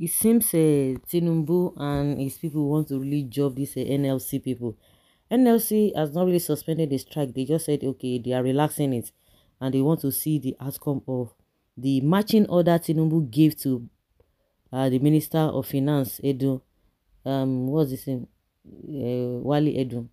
it seems uh, Tinubu and his people want to really job these uh, NLC people. NLC has not really suspended the strike. They just said, okay, they are relaxing it. And they want to see the outcome of the matching order Tinubu gave to uh, the Minister of Finance, Edu. Um, what's his name? Uh, eh, Wali Edu.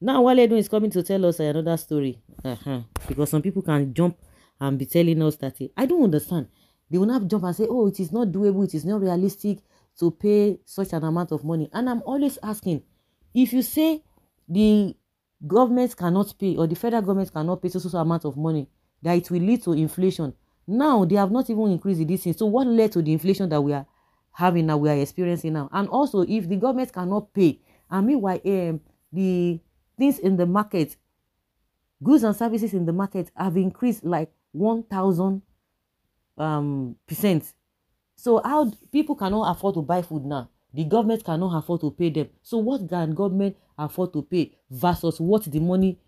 Now, Wali Edu is coming to tell us another story. Uh -huh. Because some people can jump and be telling us that. he. Eh, I don't understand they will not jump and say, oh, it is not doable, it is not realistic to pay such an amount of money. And I'm always asking, if you say the government cannot pay or the federal government cannot pay such an amount of money, that it will lead to inflation. Now they have not even increased the distance. So what led to the inflation that we are having now, we are experiencing now? And also, if the government cannot pay, and meanwhile, um, the things in the market, goods and services in the market have increased like one thousand um, percent. So how people cannot afford to buy food now. The government cannot afford to pay them. So what can government afford to pay versus what the money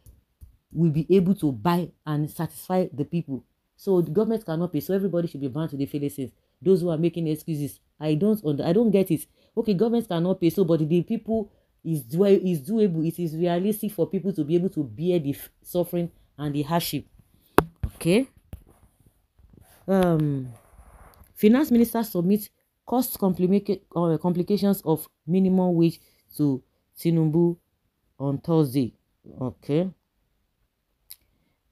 will be able to buy and satisfy the people? So the government cannot pay. So everybody should be bound to the fallacies. Those who are making excuses, I don't under, I don't get it. Okay, government cannot pay. So but the people is do is doable. It is realistic for people to be able to bear the suffering and the hardship. Okay. Um, Finance Minister submits cost complica- uh, complications of minimum wage to Tinubu on Thursday. Okay.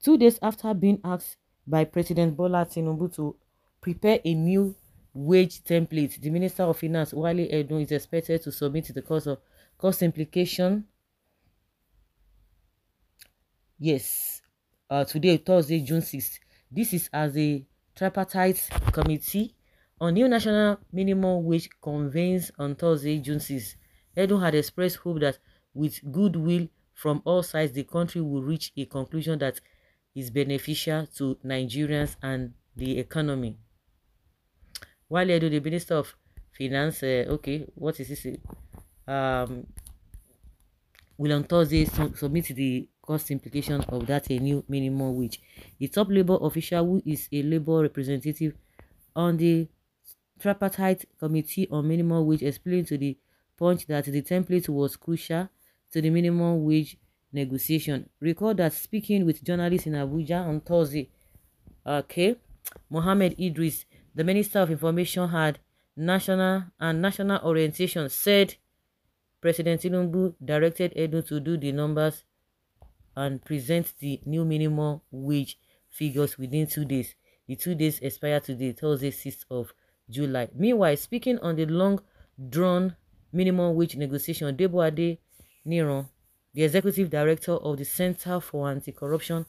Two days after being asked by President Bola Tinubu to prepare a new wage template, the Minister of Finance, Wale Edun, is expected to submit the cost of cost implication. Yes, uh, today, Thursday, June 6 This is as a tripartite committee on new national minimum wage convenes on Thursday, June 6. Edun had expressed hope that with goodwill from all sides, the country will reach a conclusion that is beneficial to Nigerians and the economy. While Edu, the Minister of Finance, uh, okay, what is this? Um, will on Thursday submit the cost implication of that a new minimum wage. The top labor official who is a labor representative on the tripartite committee on minimum wage explained to the punch that the template was crucial to the minimum wage negotiation. Recall that speaking with journalists in Abuja on Thursday, okay, uh, Mohammed Idris, the Minister of Information had national and national orientation said President Tinubu directed Edo to do the numbers and present the new minimum wage figures within two days. The two days expire today, Thursday, 6th of July. Meanwhile, speaking on the long-drawn minimum wage negotiation, Deboade Niron, the executive director of the Center for Anti-Corruption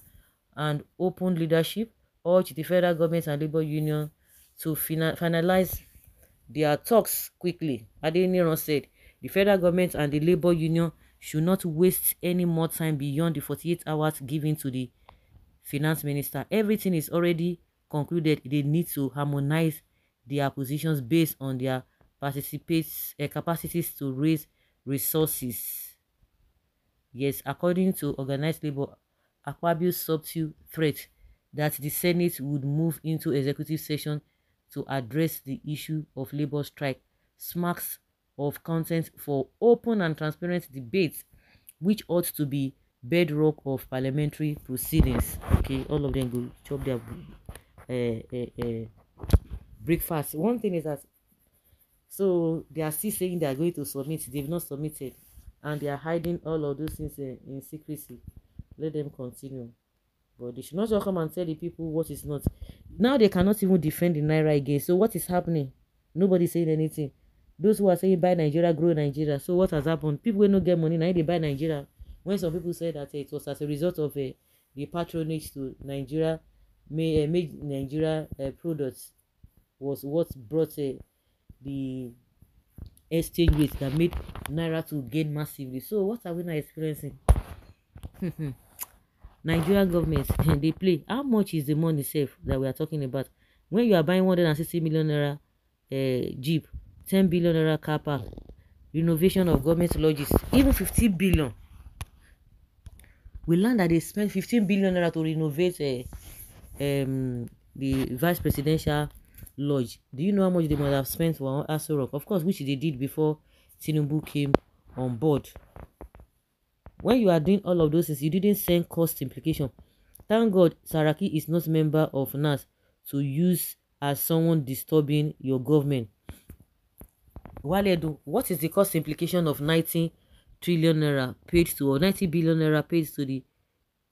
and Open Leadership, urged the federal government and labor union to finalize their talks quickly. Adeniran said the federal government and the labor union should not waste any more time beyond the 48 hours given to the finance minister. Everything is already concluded. They need to harmonize their positions based on their participates, uh, capacities to raise resources. Yes, according to organized labor, Aquabio's subtle threat that the Senate would move into executive session to address the issue of labor strike smacks of content for open and transparent debate, which ought to be bedrock of parliamentary proceedings. Okay, all of them go chop their uh, uh, uh, breakfast. One thing is that so they are still saying they are going to submit. They've not submitted, and they are hiding all of those things in, in secrecy. Let them continue. But they should not just come and tell the people what is not. Now they cannot even defend the naira again. So what is happening? Nobody saying anything those who are saying buy nigeria grow nigeria so what has happened people wey no get money na dey buy nigeria when some people say that uh, it was as a result of uh, the patronage to nigeria may uh, eh, made nigeria uh, products was what brought uh, the exchange rate that made naira to gain massively so what are we now experiencing nigeria government dey play how much is the money sef that we are talking about when you are buying one hundred and sixty million naira uh, jeep ten billion naira car renovation of government lodges even fifteen billion we learn that they spend fifteen billion naira to renovate uh, um, the vice presidential lodge do you know how much they must have spent for Aso Rock of course which they did before Tinubu came on board when you are doing all of those things you didn't send cost implication thank God Saraki is not member of NAS to use as someone disturbing your government Waledu, what is the cost implication of 19 trillion naira paid to or 90 billion naira paid to the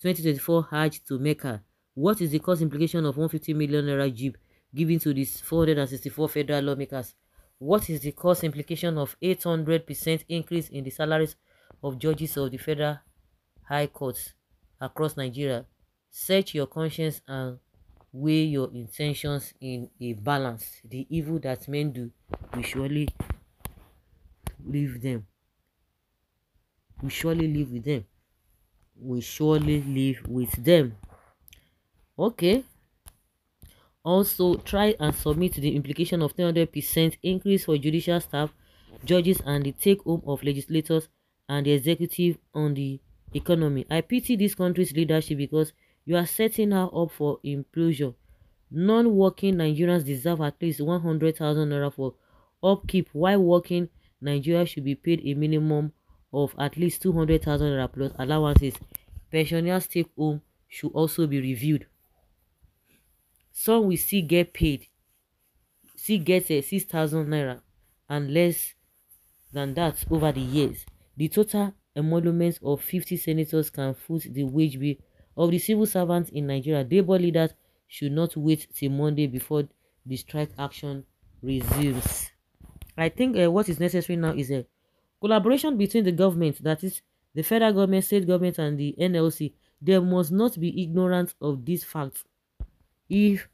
2024 Hajj to Mecca? What is the cost implication of 150 million naira jib given to these 464 federal lawmakers? What is the cost implication of 800% increase in the salaries of judges of the federal high courts across Nigeria? Search your conscience and weigh your intentions in a balance. The evil that men do will surely leave them. We surely live with them. We surely live with them. Okay. Also, try and submit to the implication of 300% increase for judicial staff, judges, and the take home of legislators and the executive on the economy. I pity this country's leadership because you are setting her up for implosion. Non-working Nigerians deserve at least 100,000 naira for upkeep while working Nigeria should be paid a minimum of at least 200,000 naira plus allowances. Pensioners take home should also be reviewed. Some we see get paid, see get a eh, 6,000 naira and less than that over the years. The total emoluments of 50 senators can foot the wage bill of the civil servants in Nigeria. Labour leaders should not wait till Monday before the strike action resumes. I think uh, what is necessary now is a uh, collaboration between the government, that is the federal government, state government, and the NLC. There must not be ignorance of these facts if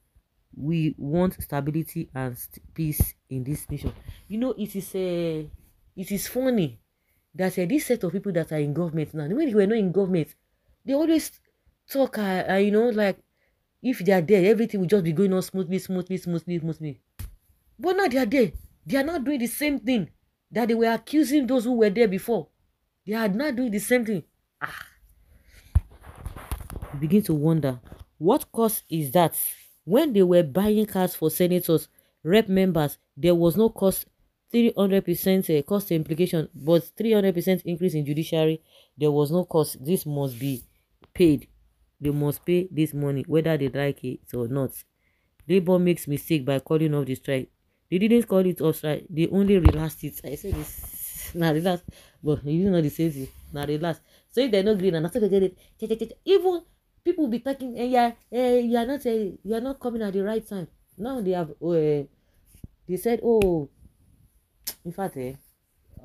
we want stability and peace in this nation. You know, it is a, uh, it is funny that uh, this set of people that are in government now, when they were not in government, they always talk, uh, uh, you know, like if they are there, everything will just be going on smoothly, smoothly, smoothly, smoothly. But now they are there. They are not doing the same thing that they were accusing those who were there before. They are not doing the same thing. Ah. You begin to wonder what cost is that when they were buying cars for senators, rep members, there was no cost 300% eh, cost implication, but 300% increase in judiciary, there was no cost. This must be paid. They must pay this money, whether they like it or not. Labour makes mistake by calling off the strike. They didn't call it ulcer. They only relaxed it. I said this. Now relax. But you know the same thing. Now relax. So if they're not green and after they get it, even people will be talking, and eh, yeah, hey, eh, you are not uh, you are not coming at the right time. Now they have uh, they said, oh, in fact, eh,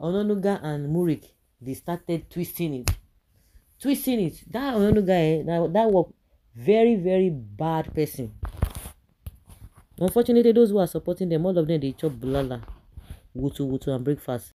Ononuga and Murik, they started twisting it. Twisting it. That Ononuga, eh, that, that was very, very bad person. Unfortunately, those who are supporting them, all of them, they chop bulala, wutu wutu, and breakfast.